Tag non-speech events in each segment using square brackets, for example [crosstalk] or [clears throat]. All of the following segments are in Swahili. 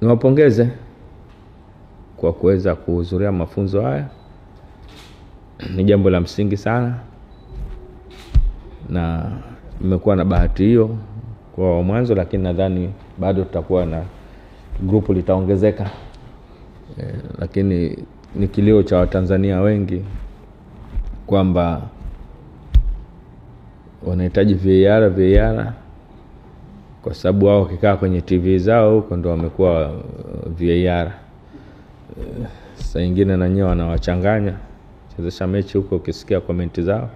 Niwapongeze kwa kuweza kuhudhuria mafunzo haya, [clears throat] ni jambo la msingi sana, na nimekuwa na bahati hiyo kwa mwanzo, lakini nadhani bado tutakuwa na grupu litaongezeka, e, lakini ni kilio cha Watanzania wengi kwamba wanahitaji VAR VAR kwa sababu wao wakikaa kwenye tv zao huko ndo wamekuwa uh, var saa ingine nanyewe wanawachanganya chezesha mechi huko ukisikia komenti zao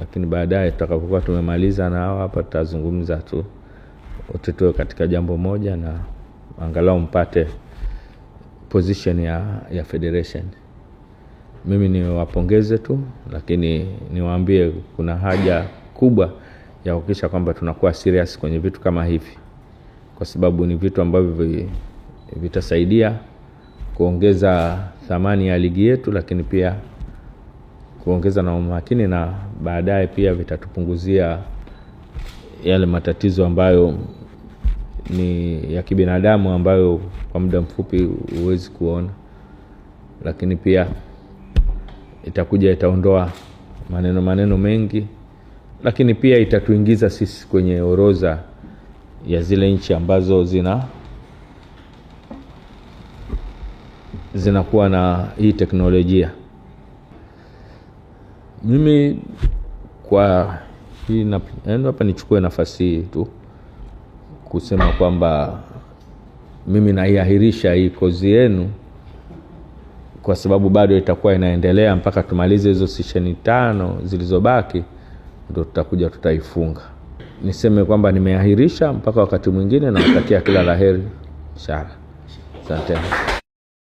lakini baadaye tutakapokuwa tumemaliza na hao hapa tutazungumza tu utetue katika jambo moja na angalau mpate position ya, ya federation mimi niwapongeze tu lakini niwaambie kuna haja kubwa ya kuhakikisha kwamba tunakuwa serious kwenye vitu kama hivi, kwa sababu ni vitu ambavyo vitasaidia kuongeza thamani ya ligi yetu, lakini pia kuongeza na umakini na baadaye pia vitatupunguzia yale matatizo ambayo ni ya kibinadamu ambayo kwa muda mfupi huwezi kuona, lakini pia itakuja itaondoa maneno maneno mengi lakini pia itatuingiza sisi kwenye orodha ya zile nchi ambazo zina zinakuwa na hii teknolojia. Mimi kwa hii yaani hapa nichukue nafasi hii tu kusema kwamba mimi naiahirisha hii kozi yenu kwa sababu bado itakuwa inaendelea mpaka tumalize hizo sesheni tano zilizobaki ndo tutakuja tutaifunga. Niseme kwamba nimeahirisha mpaka wakati mwingine, nawatakia kila laheri Inshallah, asante